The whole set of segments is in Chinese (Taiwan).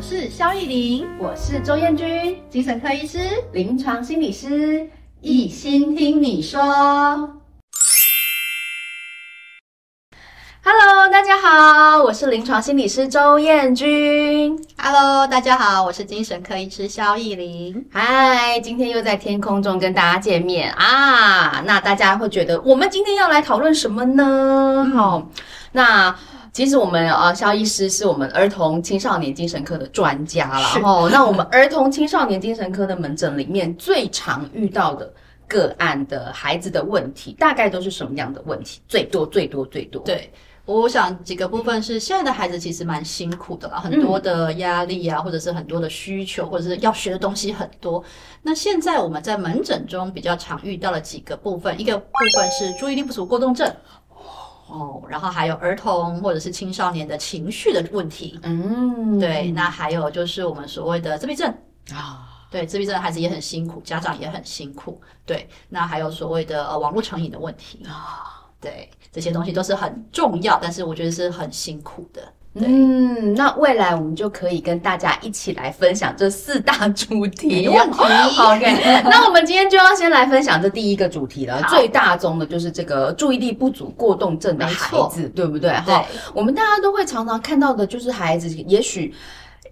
我是蕭亦伶，我是周彥君，精神科醫師、臨床心理師，醫心聽你說。Hello，大家好，我是臨床心理師周彥君。Hello，大家好，我是精神科醫師蕭亦伶。嗨，今天又在天空中跟大家見面啊！Ah, 那大家會覺得我們今天要來討論什麼呢？好，oh，那。其實我們啊，蕭醫師是我們兒童青少年精神科的專家是然後。那我們兒童青少年精神科的門診裡面，最常遇到的個案的孩子的問題，大概都是什麼樣的問題？最多最多最多。對，我想幾個部分是，現在的孩子其實蠻辛苦的啦，嗯、很多的壓力啊，或者是很多的需求，或者是要學的東西很多。那現在我們在門診中比較常遇到的幾個部分，一個部分是注意力不足過動症。哦，然後還有兒童或者是青少年的情緒的問題，嗯，對，那還有就是我們所謂的自閉症啊，對，自閉症的孩子也很辛苦，家長也很辛苦，對，那還有所謂的、呃、網絡成癮的問題啊，對，這些東西都是很重要，嗯、但是我覺得是很辛苦的。對嗯，那未來我們就可以跟大家一起來分享這四大主題。沒問題， OK， 那我們今天就要先來分享這第一個主題了，好最大宗的就是這個注意力不足過動症的孩子，嗯、對不對？哈對、哦，我們大家都會常常看到的，就是孩子也許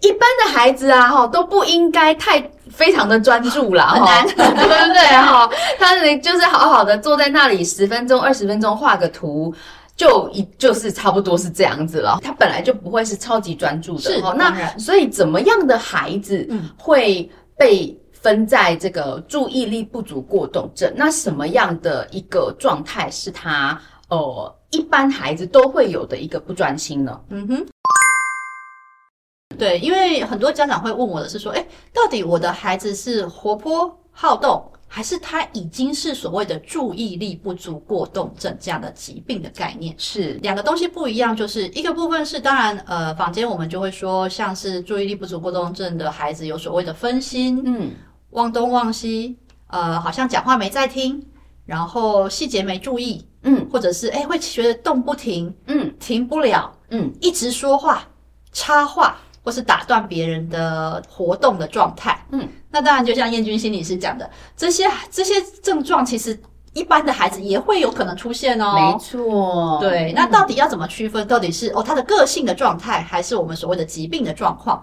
一般的孩子啊，哈，都不應該太非常的專注了，很難，對不對？哈、哦，他就是好好的坐在那裡十分鐘、二十分鐘畫個圖。就一就是差不多是這樣子了，他本來就不會是超級專注的。是，那 okay. 所以怎麼樣的孩子會被分在這個注意力不足過動症？嗯、那什麼樣的一個狀態是他呃一般孩子都會有的一個不專心呢？嗯哼。對，因為很多家長會問我的是說，誒，到底我的孩子是活潑好動？還是他已經是所謂的注意力不足過動症這樣的疾病的概念，是兩個東西不一樣。就是一個部分是當然，呃，坊間我們就會說，像是注意力不足過動症的孩子有所謂的分心，嗯，忘東忘西，呃，好像講話沒在聽，然後細節沒注意，嗯，或者是，哎，會覺得動不停，嗯，停不了，嗯，一直說話，插話。或是打斷別人的活動的狀態，嗯，那當然就像彥君心理師講的，這些這些症狀其實一般的孩子也會有可能出現哦，沒錯，對，那到底要怎麼區分？嗯、到底是哦他的個性的狀態，還是我們所謂的疾病的狀況？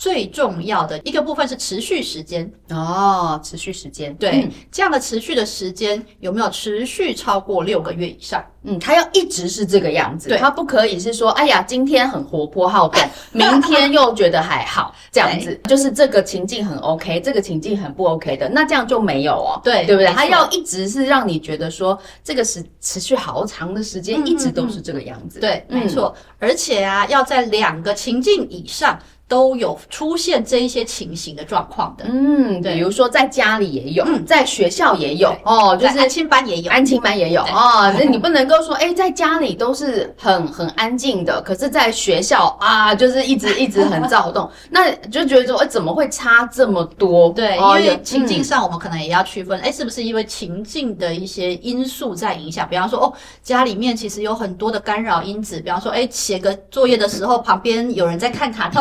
最重要的一個部分是持續時間哦，持續時間對，這樣的持續的時間有沒有持續超過六個月以上？嗯，他要一直是這個樣子，他不可以是說哎呀，今天很活潑好動，明天又覺得還好這樣子，就是這個情境很 OK，這個情境很不 OK 的，那這樣就沒有哦，對，對不對？他要一直是讓你覺得說，這個是持續好長的時間，一直都是這個樣子，對，沒錯，而且啊，要在兩個情境以上。都有出現這一些情形的狀況的，嗯，對，比如說在家裡也有，嗯、在學校也有，對哦，就是安親班也有，安親班也有對哦，那 你不能夠說，哎、欸，在家裡都是很很安靜的，可是在學校啊，就是一直一直很躁動， 那就覺得說，哎、欸，怎麼會差這麼多？對，啊、因為情境上我們可能也要區分，哎、嗯欸，是不是因為情境的一些因素在影響？比方說，哦，家裡面其實有很多的干擾因子，比方說，哎、欸，寫個作業的時候旁邊有人在看卡通。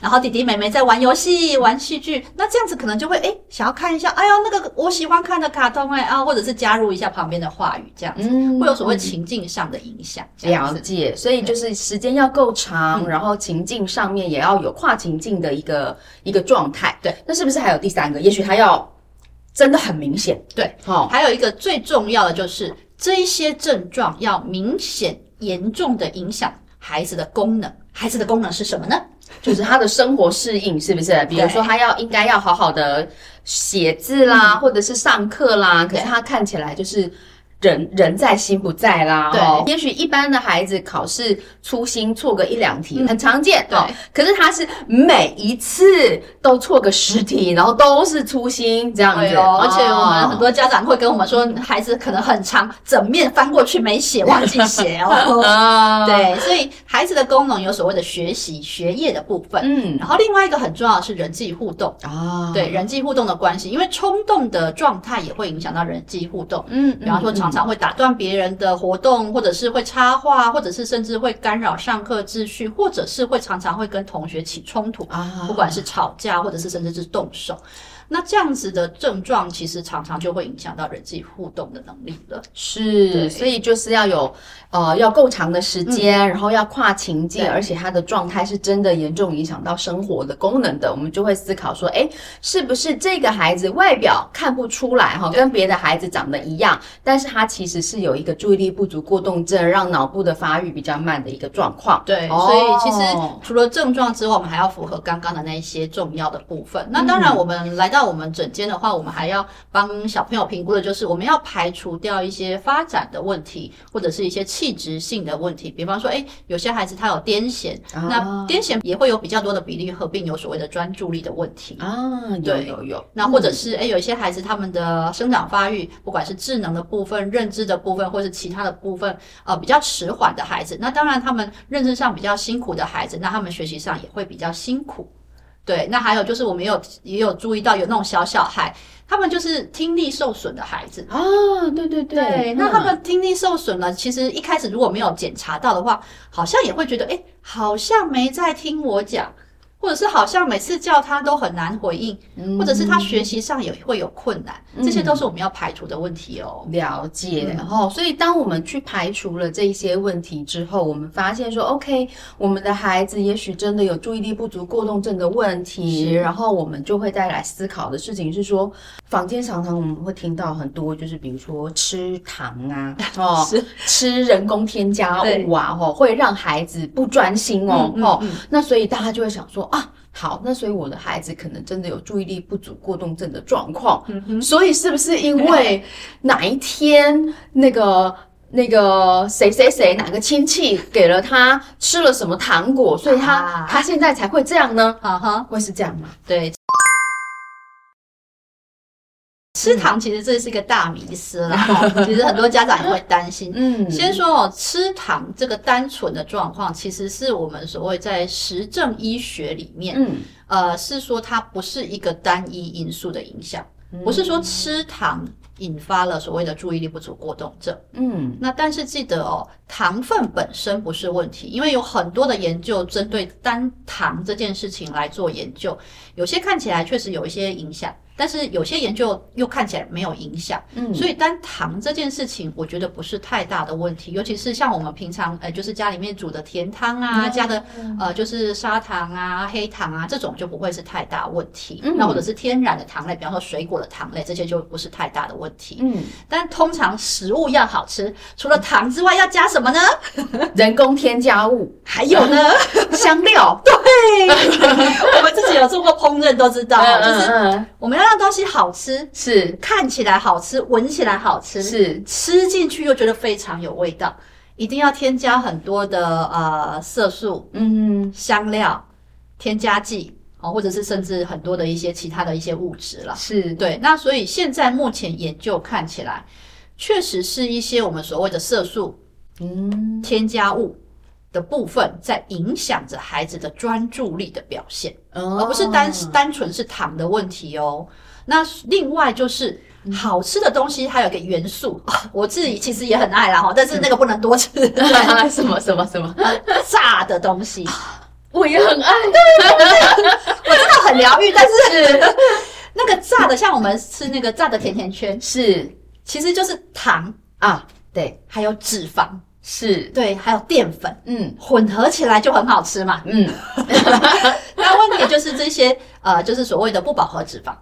然後弟弟妹妹在玩遊戲、玩戲劇，那這樣子可能就會哎、欸、想要看一下，哎喲那個我喜歡看的卡通哎、欸、啊，或者是加入一下旁邊的話語這樣子，會有所謂情境上的影響。這樣子嗯嗯、了解，所以就是時間要夠長，對然後情境上面也要有跨情境的一個、嗯、一個狀態。對，那是不是還有第三個？也許他要真的很明顯。對，哦，還有一個最重要的就是這一些症狀要明顯嚴重的影響孩子的功能。孩子的功能是什麼呢？就是他的生活適應是不是？比如說他要應該要好好的寫字啦，嗯、或者是上課啦，可是他看起來就是。人人在心不在啦，對，也許一般的孩子考試粗心錯個一兩題很常見，對，可是他是每一次都錯個十題，然後都是粗心這樣子，而且我們很多家長會跟我們說，孩子可能很長整面翻過去沒寫，忘記寫哦，對，所以孩子的功能有所謂的學習學業的部分，嗯，然後另外一個很重要的是人際互動啊，對，人際互動的關係，因為衝動的狀態也會影響到人際互動，嗯，比方說常會打斷別人的活動，或者是會插話，或者是甚至會干擾上課秩序，或者是會常常會跟同學起衝突，啊、不管是吵架，或者是甚至是動手。那這樣子的症狀，其實常常就會影響到人際互動的能力了。是，所以就是要有。呃，要夠長的時間，嗯、然後要跨情境，嗯、而且他的狀態是真的嚴重影響到生活的功能的，對我們就會思考說，誒，是不是這個孩子外表看不出來哈，對跟別的孩子長得一樣，但是他其實是有一個注意力不足過動症，讓腦部的發育比較慢的一個狀況。對，哦、所以其實除了症狀之外，我們還要符合剛剛的那一些重要的部分。那當然，我們、嗯、來到我們診間的話，我們還要幫小朋友評估的就是，我們要排除掉一些發展的問題，或者是一些。器質性的問題，比方說，誒，有些孩子他有癲癇，啊、那癲癇也會有比較多的比例合併有所謂的專注力的問題啊，對有有有。那或者是、嗯、誒，有一些孩子他們的生長發育，不管是智能的部分、認知的部分，或是其他的部分，呃，比較遲緩的孩子，那當然他們認知上比較辛苦的孩子，那他們學習上也會比較辛苦。對，那還有就是我們也有也有注意到有那種小小孩。他們就是聽力受損的孩子啊，哦，對對對，對，嗯，那他們聽力受損了，其實一開始如果沒有檢查到的話，好像也會覺得，哎，欸，好像沒在聽我講。或者是好像每次叫他都很難回應，嗯、或者是他學習上也會有困難，嗯、這些都是我們要排除的問題哦。了解，哈、嗯哦。所以當我們去排除了這一些問題之後，我們發現說，OK，我們的孩子也許真的有注意力不足過動症的問題。是然後我們就會再來思考的事情是說，坊間常常我們會聽到很多，就是比如說吃糖啊，哦，是吃人工添加物啊，哦對，會讓孩子不專心哦、嗯嗯嗯、哦，那所以大家就會想說，啊，好，那所以我的孩子可能真的有注意力不足過動症的狀況，嗯、哼所以是不是因為哪一天那個 那個誰誰誰哪個親戚給了他吃了什麼糖果，所以他、啊、他現在才會這樣呢？啊哈，會是這樣嗎？嗯、對。吃糖其實這是一個大迷思啦、哦。 其實很多家長也會擔心。 嗯，先說哦，吃糖這個單純的狀況，其實是我們所謂在實證醫學裡面，嗯，呃，是說它不是一個單一因素的影響，嗯、不是說吃糖引發了所謂的注意力不足過動症。嗯，那但是記得哦，糖分本身不是問題，因為有很多的研究針對單糖這件事情來做研究，有些看起來確實有一些影響。但是有些研究又看起來沒有影響，嗯，所以單糖這件事情，我覺得不是太大的問題。尤其是像我們平常，呃，就是家裡面煮的甜湯啊，加的呃，就是砂糖啊，黑糖啊，這種就不會是太大問題。那或者是天然的糖類，比方說水果的糖類，這些就不是太大的問題。嗯，但通常食物要好吃，除了糖之外，要加什麼呢？人工添加物，還有呢？香料，對，我們自己有做過烹飪都知道，就是我們要。那東西好吃是，看起來好吃，聞起來好吃是，吃進去又覺得非常有味道，一定要添加很多的呃色素，嗯，香料、添加劑，哦，或者是甚至很多的一些其他的一些物質了。是的對，那所以現在目前研究看起來，確實是一些我們所謂的色素嗯添加物。的部分在影響着孩子的專注力的表現，而不是單單純是糖的問題哦。那另外就是好吃的東西，它有一個元素，我自己其實也很愛啦哈，但是那個不能多吃。什麼什麼什麼炸的東西，我也很愛。我知道很療癒，但是那個炸的，像我們吃那個炸的甜甜圈，是其實就是糖啊，對，還有脂肪。是對，還有澱粉，嗯，混合起來就很好吃嘛，嗯。那 問題就是這些，呃，就是所謂的不飽和脂肪。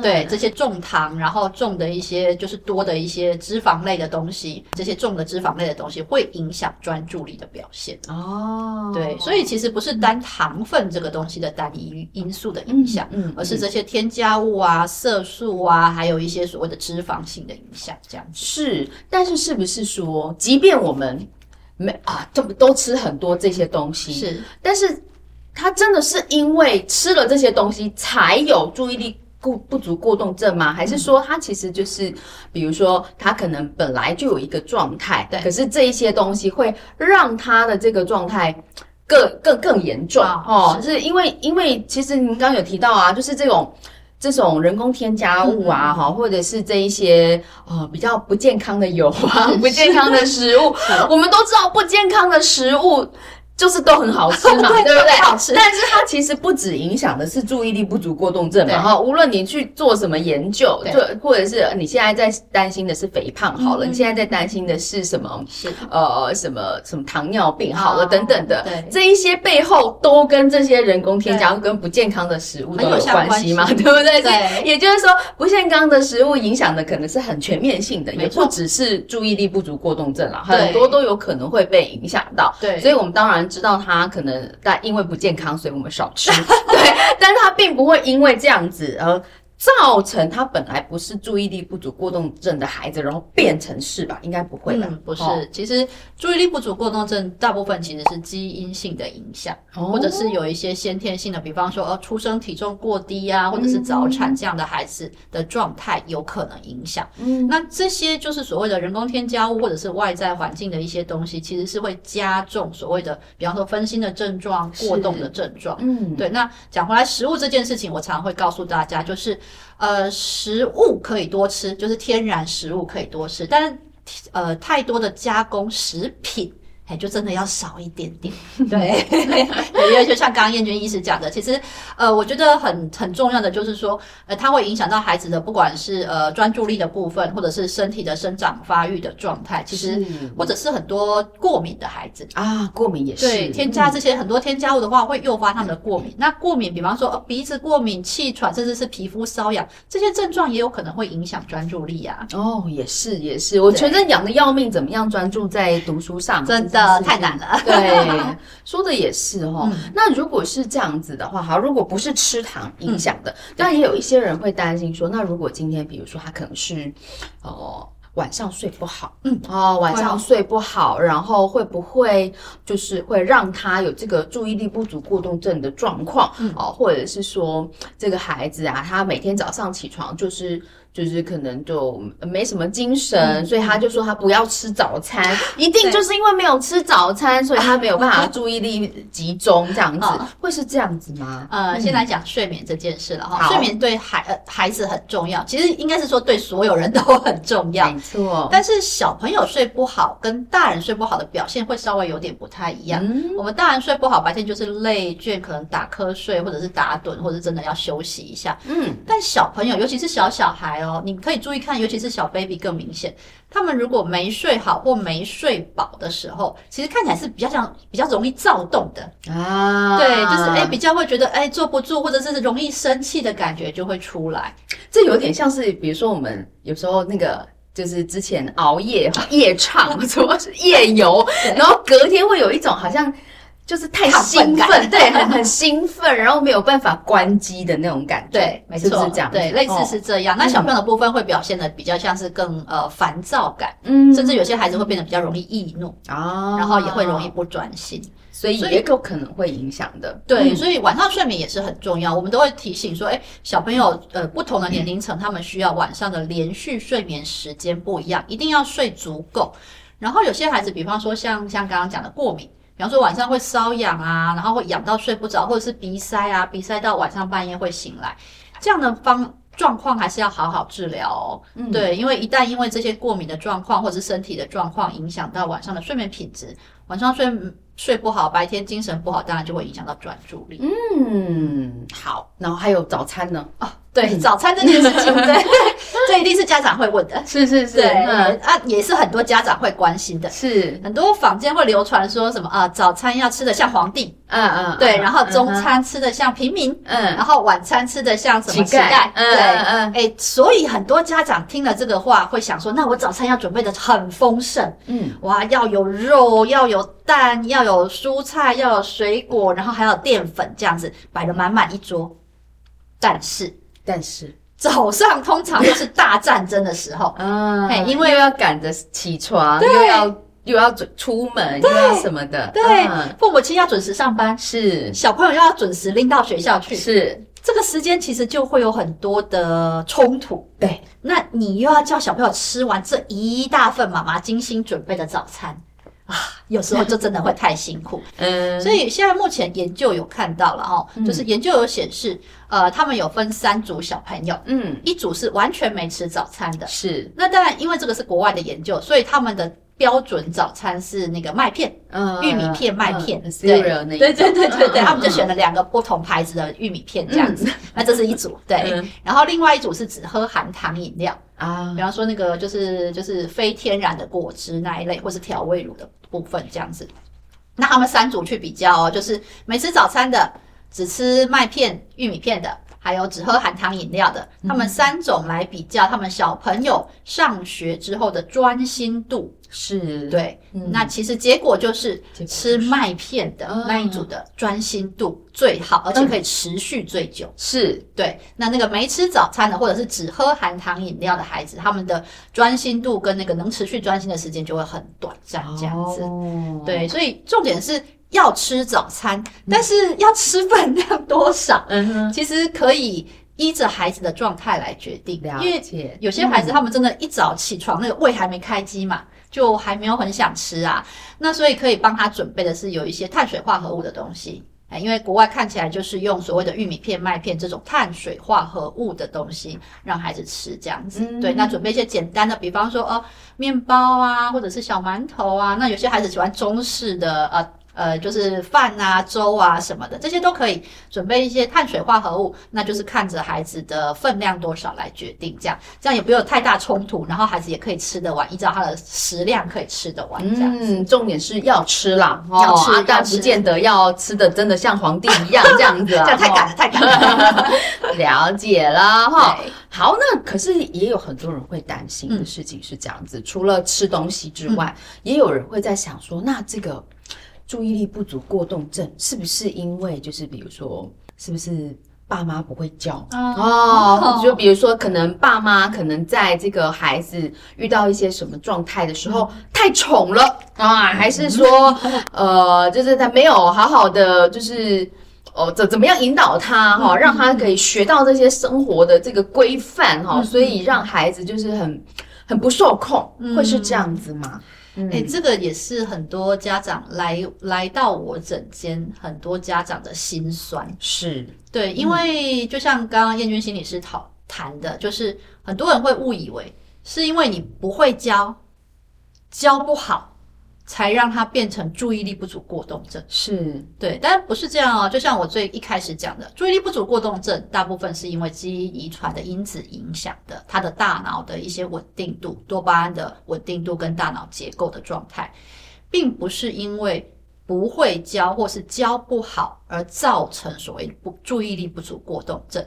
對，這些重糖，然後重的一些就是多的一些脂肪類的東西，這些重的脂肪類的東西會影響專注力的表現。哦，oh. 對，所以其實不是單糖分這個東西的單一因，因素的影響，嗯嗯，而是這些添加物啊、嗯、色素啊，還有一些所謂的脂肪性的影響。這樣是，但是是不是說，即便我們沒啊，都都吃很多這些東西，是，但是他真的是因為吃了這些東西才有注意力不不足過動症嗎？還是說他其實就是，比如說他可能本來就有一個狀態，對可是這一些東西會讓他的這個狀態更更更嚴重哦。哦是因為因為其實您剛剛有提到啊，就是這種這種人工添加物啊，哈，嗯嗯、或者是這一些呃比較不健康的油啊、是的 不健康的食物，我們都知道不健康的食物。就是都很好吃嘛，對不對？但是它其實不止影響的是注意力不足過動症嘛，然後無論你去做什麼研究，對，或者是你現在在擔心的是肥胖，好了，你現在在擔心的是什麼？是呃，什麼什麼糖尿病，好了，等等的，這一些背後都跟這些人工添加、跟不健康的食物都有關係嘛，對不對？對。也就是說，不健康的食物影響的可能是很全面性的，也不只是注意力不足過動症啦，很多都有可能會被影響到。對。所以我們當然。知道他可能，但因為不健康，所以我們少吃。 對，但是他並不會因為這樣子而造成他本來不是注意力不足過動症的孩子，然後變成是吧？應該不會的，嗯、不是。哦、其實注意力不足過動症大部分其實是基因性的影響，哦、或者是有一些先天性的，比方說呃出生體重過低啊，或者是早產這樣的孩子的狀態有可能影響。嗯，那這些就是所謂的人工添加物或者是外在環境的一些東西，其實是會加重所謂的比方說分心的症狀、過動的症狀。嗯，對。那講回來食物這件事情，我常會告訴大家就是。呃，食物可以多吃，就是天然食物可以多吃，但是呃，太多的加工食品。哎，hey, 就真的要少一點點，對。 因為就像剛剛彥君醫師講的，其實，呃，我覺得很很重要的就是說，呃，它會影響到孩子的不管是呃專注力的部分，或者是身體的生長發育的狀態，其實，是或者是很多過敏的孩子啊，過敏也是對添加這些很多添加物的話，會誘發他們的過敏。嗯、那過敏，比方說、呃、鼻子過敏、氣喘，甚至是皮膚瘙癢，這些症狀也有可能會影響專注力啊。哦，也是也是，我覺得癢的要命，怎麼樣專注在讀書上？專對的太難了， 對，說的也是哦。嗯、那如果是這樣子的話，哈，如果不是吃糖影響的，嗯、但也有一些人會擔心說，那如果今天，比如說他可能是，呃嗯、哦，晚上睡不好，嗯，哦，晚上睡不好，然後會不會就是會讓他有這個注意力不足過動症的狀況，嗯、哦，或者是說這個孩子啊，他每天早上起床就是。就是可能就沒什麼精神，所以他就說他不要吃早餐，一定就是因為沒有吃早餐，所以他沒有辦法注意力集中這樣子。會是這樣子嗎？呃，先來講睡眠這件事了哈。睡眠對孩呃孩子很重要，其實應該是說對所有人都很重要。沒錯，但是小朋友睡不好跟大人睡不好的表現會稍微有點不太一樣。我們大人睡不好，白天就是累倦，可能打瞌睡或者是打盹，或者真的要休息一下。嗯，但小朋友尤其是小小孩。你可以注意看，尤其是小 baby 更明顯。他們如果沒睡好或沒睡飽的時候，其實看起來是比較像比較容易躁動的啊。對，就是誒、欸、比較會覺得誒、欸、坐不住，或者是容易生氣的感覺就會出來。這有點像是，比如說我們有時候那個，就是之前熬夜、夜唱，什、啊、麼是夜遊， 對 然後隔天會有一種好像。就是太興奮，對，很很興奮，然後沒有辦法關機的那種感覺，沒錯，是這樣對，類似是這樣。那小朋友的部分會表現的比較像是更呃煩躁感，嗯，甚至有些孩子會變得比較容易易怒啊，然後也會容易不專心，所以也有可能會影響的。對，所以晚上睡眠也是很重要，我們都會提醒說，誒，小朋友呃不同的年齡層，他們需要晚上的連續睡眠時間不一樣，一定要睡足夠。然後有些孩子，比方說像像剛剛講的過敏。比方說晚上會瘙癢啊，然後會癢到睡不着，或者是鼻塞啊，鼻塞到晚上半夜會醒來，這樣的方狀況還是要好好治療哦。嗯，對，因為一旦因為這些過敏的狀況或者是身體的狀況影響到晚上的睡眠品質，晚上睡睡不好，白天精神不好，當然就會影響到專注力。嗯，好，然後還有早餐呢？啊。對，早餐這件事情，對，這一定是家長會問的，是是是，嗯啊，也是很多家長會關心的，是很多坊間會流傳說什麼啊，早餐要吃得像皇帝，嗯嗯，對，然後中餐吃得像平民，嗯，然後晚餐吃得像什麼乞丐，嗯嗯，哎，所以很多家長聽了這個話，會想說，那我早餐要準備得很豐盛，嗯，哇，要有肉，要有蛋，要有蔬菜，要有水果，然後還有澱粉，這樣子擺了滿滿一桌，但是。但是早上通常都是大戰爭的時候，嗯，因為要趕着起床，對又要又要準出門，對又要什麼的，對，嗯、父母親要準時上班，是小朋友又要準時拎到學校去，是，是這個時間其實就會有很多的衝突，對，那你又要叫小朋友吃完這一大份媽媽精心準備的早餐。啊，有時候就真的會太辛苦。嗯，所以現在目前研究有看到了哦，就是研究有顯示，呃，他們有分三組小朋友，嗯，一組是完全沒吃早餐的，是。那當然，因為這個是國外的研究，所以他們的標準早餐是那個麥片，嗯，玉米片麥片，對，對，對，對，對。他們就選了兩個不同牌子的玉米片這樣子，那這是一組，對。然後另外一組是只喝含糖飲料。啊，比方說那個就是就是非天然的果汁那一類，或是調味乳的部分這樣子。那他們三組去比較哦，就是沒吃早餐的、只吃麥片、玉米片的，還有只喝含糖飲料的，嗯，他們三種來比較他們小朋友上學之後的專心度。是對，那其實結果就是吃麥片的那一組的專心度最好，而且可以持續最久。是，對，那那個沒吃早餐的，或者是只喝含糖飲料的孩子，他們的專心度跟那個能持續專心的時間就會很短暫，這樣子。對，所以重點是要吃早餐，但是要吃份量多少，嗯，其實可以依着孩子的狀態來決定，因為有些孩子他們真的一早起床，那個胃還沒開機嘛。就還沒有很想吃啊，那所以可以幫他準備的是有一些碳水化合物的東西，哎，因為國外看起來就是用所謂的玉米片、麥片這種碳水化合物的東西讓孩子吃這樣子，嗯、對，那準備一些簡單的，比方說，呃，麵包啊，或者是小饅頭啊，那有些孩子喜歡中式的呃。呃，就是飯啊、粥啊什麼的，這些都可以準備一些碳水化合物，那就是看着孩子的分量多少來決定，這樣這樣也沒有太大衝突，然後孩子也可以吃得完，依照他的食量可以吃得完。這樣嗯，重點是要吃啦，要吃，但不見得要吃得真的像皇帝一樣這樣子，這樣太趕了，太趕了。了解了哈，好，那可是也有很多人會擔心的事情是這樣子，除了吃東西之外，也有人會在想說，那這個。注意力不足過動症是不是因為就是比如說是不是爸媽不會教？哦，就比如說可能爸媽可能在這個孩子遇到一些什麼狀態的時候、嗯、太寵了啊，還是說、嗯、呃，就是他沒有好好的就是哦怎、呃、怎麼樣引導他哈、哦，讓他可以學到這些生活的這個規範哈，所以讓孩子就是很。很不受控，嗯、會是這樣子嗎？哎、欸，嗯、這個也是很多家長來來到我診間，很多家長的心酸是對，嗯、因為就像剛剛彥君心理師討談的，就是很多人會誤以為是因為你不會教，教不好。才讓他變成注意力不足過動症，是對，但不是這樣哦、啊。就像我最一開始講的，注意力不足過動症大部分是因為基因遺傳的因子影響的，他的大腦的一些穩定度、多巴胺的穩定度跟大腦結構的狀態，並不是因為不會教或是教不好而造成所謂不注意力不足過動症。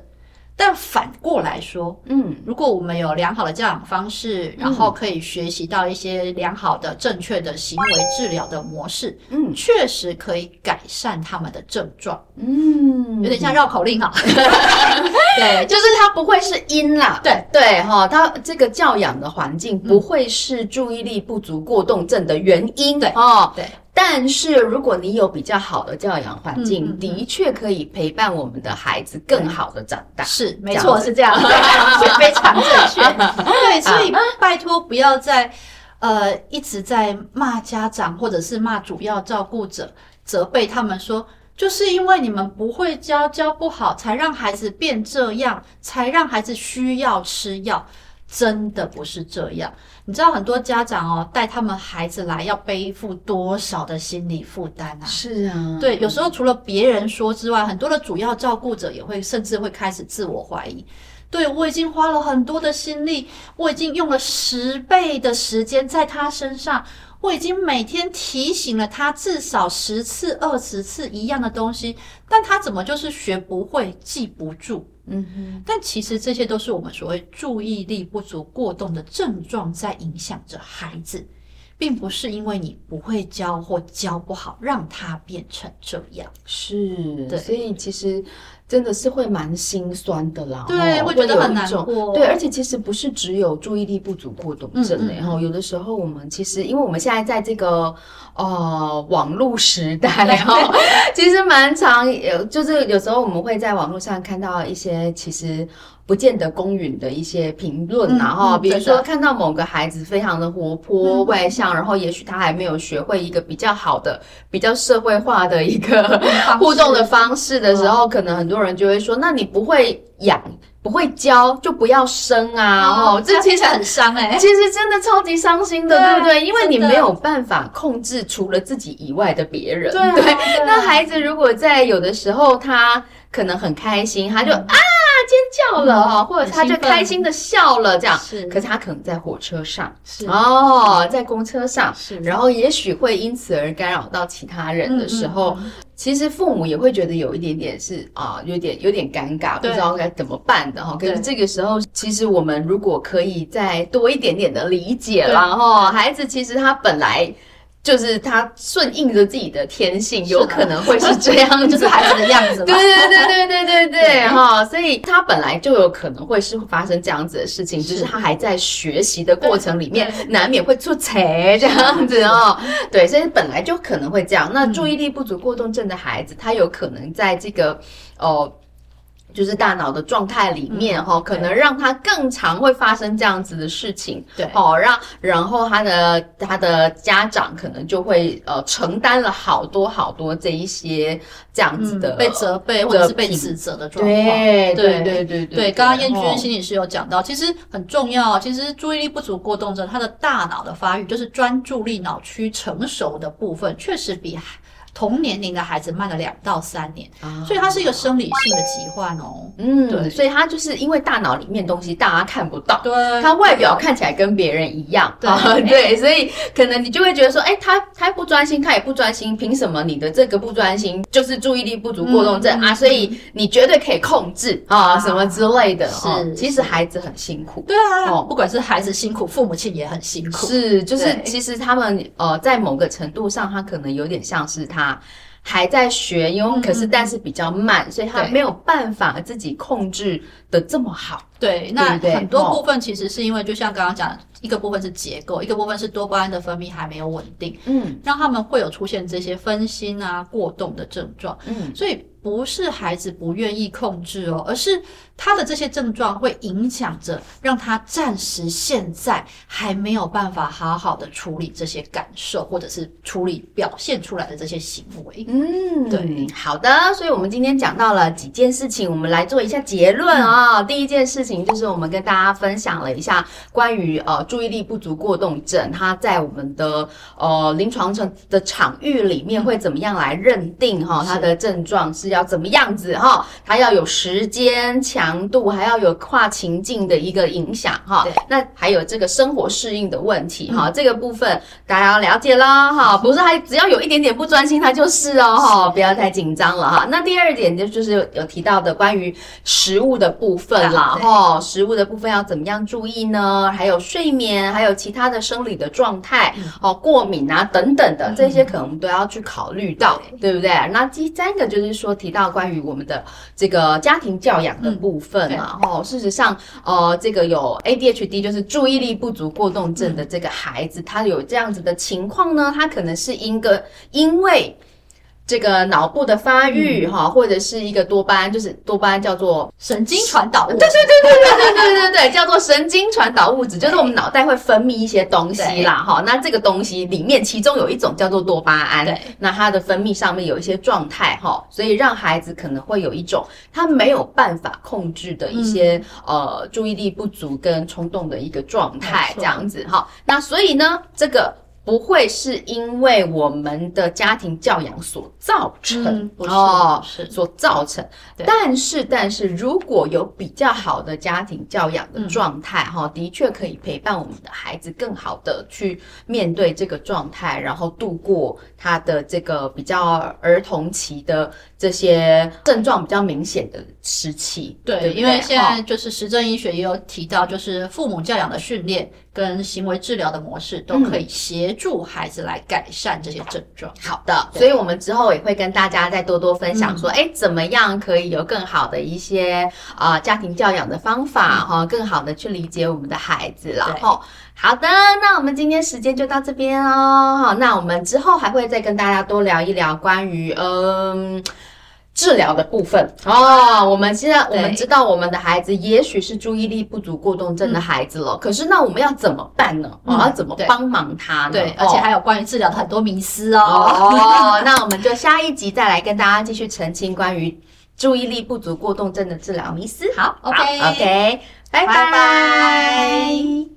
但反過來說，嗯，如果我們有良好的教養方式，嗯、然後可以學習到一些良好的、正確的行為治療的模式，嗯，確實可以改善他們的症狀。嗯，有點像繞口令哈、啊， 對，就是它不會是因啦，對對哈、哦，它這個教養的環境不會是注意力不足過動症的原因，嗯、對哦，對。但是如果你有比較好的教養環境，嗯嗯嗯，的確可以陪伴我們的孩子更好的長大。嗯嗯樣是，沒錯，是這樣， 非常正確。 對，所以拜托不要再，呃，一直在罵家長或者是罵主要照顧者，責備他們說，就是因為你們不會教，教不好，才讓孩子變這樣，才讓孩子需要吃藥。真的不是這樣，你知道很多家長哦，帶他們孩子來要背負多少的心理負擔啊？是啊，對，有時候除了別人說之外，很多的主要照顧者也會甚至會開始自我懷疑。對，我已經花了很多的心力，我已經用了十倍的時間在他身上。我已經每天提醒了他至少十次、二十次一樣的東西，但他怎麼就是學不會、記不住？嗯哼。但其實這些都是我們所謂注意力不足過動的症狀，在影響着孩子，並不是因為你不會教或教不好，讓他變成這樣。是，對所以其實。真的是會蠻心酸的啦，對，會、會覺得很難過。對，而且其實不是只有注意力不足過動症，然後有的時候我們其實，因為我們現在在這個呃網絡時代，然後其實蠻常有，就是有時候我們會在網絡上看到一些其實。不見得公允的一些評論，然後比如說看到某個孩子非常的活潑外向，然後也許他還沒有學會一個比較好的、比較社會化的一個互動的方式的時候，可能很多人就會說：“那你不會養，不會教，就不要生啊！”哦，這其實很傷哎，其實真的超級傷心的，對不對？因為你沒有辦法控制除了自己以外的別人。對，那孩子如果在有的時候他可能很開心，他就啊。他尖叫了哈，嗯、或者他就開心的笑了這樣，可是他可能在火車上，是哦，是在公車上，是然後也許會因此而干擾到其他人的時候，嗯、其實父母也會覺得有一點點是啊、呃，有點有點尷尬，對不知道該怎麼辦的哈。可是這個時候，對其實我們如果可以再多一點點的理解了哈，對孩子其實他本來。就是他順應着自己的天性， 有可能會是這樣， 就是孩子的樣子嘛。對 對對對對對對，哈 對、哦，所以他本來就有可能會是發生這樣子的事情，只是，是他還在學習的過程裡面，難免會出錯這，對這樣子哦。 對，所以本來就可能會這樣。那注意力不足過動症的孩子，嗯、他有可能在這個哦。呃就是大腦的狀態裡面哈、嗯哦，可能讓他更常會發生這樣子的事情，對，哦，讓然後他的他的家長可能就會呃承擔了好多好多這一些這樣子的、嗯、被責備或者是被指責、責的狀況。對，對對對對對，對，剛剛彥君心理師有講到，其實很重要，其實注意力不足過動症他的大腦的發育，就是專注力腦區成熟的部分，確實比同年齡的孩子慢了兩到三年，所以他是一個生理性的疾患哦。嗯，對，所以他就是因為大腦裡面東西大家看不到，對，他外表看起來跟別人一樣，對，所以可能你就會覺得說，哎，他他不專心，他也不專心，憑什麼你的這個不專心就是注意力不足過動症啊？所以你絕對可以控制啊，什麼之類的。是，其實孩子很辛苦，對啊，哦，不管是孩子辛苦，父母親也很辛苦。是，就是其實他們呃，在某個程度上，他可能有點像是他。還在學，因為可是但是比較慢，嗯，所以他沒有辦法自己控制的這麼好。對，對對那很多部分其實是因為，就像剛剛講，一個部分是結構，一個部分是多巴胺的分泌還沒有穩定，嗯，讓他們會有出現這些分心啊、過動的症狀，嗯，所以。不是孩子不願意控制哦，而是他的這些症狀會影響着，讓他暫時現在還沒有辦法好好的處理這些感受，或者是處理表現出來的這些行為。嗯，對，好的。所以我們今天講到了幾件事情，我們來做一下結論啊、哦。嗯、第一件事情就是我們跟大家分享了一下關於呃注意力不足過動症，它在我們的呃臨床的場域裡面會怎麼樣來認定哈、哦，嗯、它的症狀是要。要怎麼樣子哈、哦？它要有時間強度，還要有跨情境的一個影響哈。哦、對那還有這個生活適應的問題哈、嗯哦，這個部分大家要了解啦哈。嗯、不是還，還只要有一點點不專心，它就是哦，是哦，不要太緊張了哈、哦。那第二點就就是有，有提到的關於食物的部分啦哈對、哦。食物的部分要怎麼樣注意呢？還有睡眠，還有其他的生理的狀態、嗯、哦，過敏啊等等的、嗯、這些可能都要去考慮到，對，對不對？那第三個就是說。提到關於我們的這個家庭教養的部分然、啊、後、嗯哦、事實上，呃，這個有 ADHD，就是注意力不足過動症的這個孩子，嗯、他有這樣子的情況呢，他可能是一個因為。這個腦部的發育，哈、嗯，或者是一個多巴胺，就是多巴胺叫做神經傳導物質，對 對對對對對對對，叫做神經傳導物質，對就是我們腦袋會分泌一些東西啦，哈對，那這個東西裡面，其中有一種叫做多巴胺，對那它的分泌上面有一些狀態，哈，所以讓孩子可能會有一種他沒有辦法控制的一些、嗯、呃注意力不足跟衝動的一個狀態，這，這樣子哈，那所以呢，這個。不會是因為我們的家庭教養所造成，嗯，哦，是所造成。對但是，但是如果有比較好的家庭教養的狀態，哈，嗯哦，的確可以陪伴我們的孩子更好的去面對這個狀態，然後度過他的這個比較兒童期的。這些症狀比較明顯的時期，對，對對，因為現在就是實證醫學也有提到，就是父母教養的訓練跟行為治療的模式都可以協助孩子來改善這些症狀。嗯、好的，對所以我們之後也會跟大家再多多分享說，說哎、嗯，怎麼樣可以有更好的一些啊、呃、家庭教養的方法哈，嗯、更好的去理解我們的孩子。對然後，好的，那我們今天時間就到這邊哦。那我們之後還會再跟大家多聊一聊關於嗯。治療的部分哦，我們現在我們知道我們的孩子也許是注意力不足過動症的孩子了，可是那我們要怎麼辦呢？我們要怎麼幫忙他呢？對，而且還有關於治療的很多迷思哦。哦，那我們就下一集再來跟大家繼續澄清關於注意力不足過動症的治療迷思。好，OK OK，拜拜。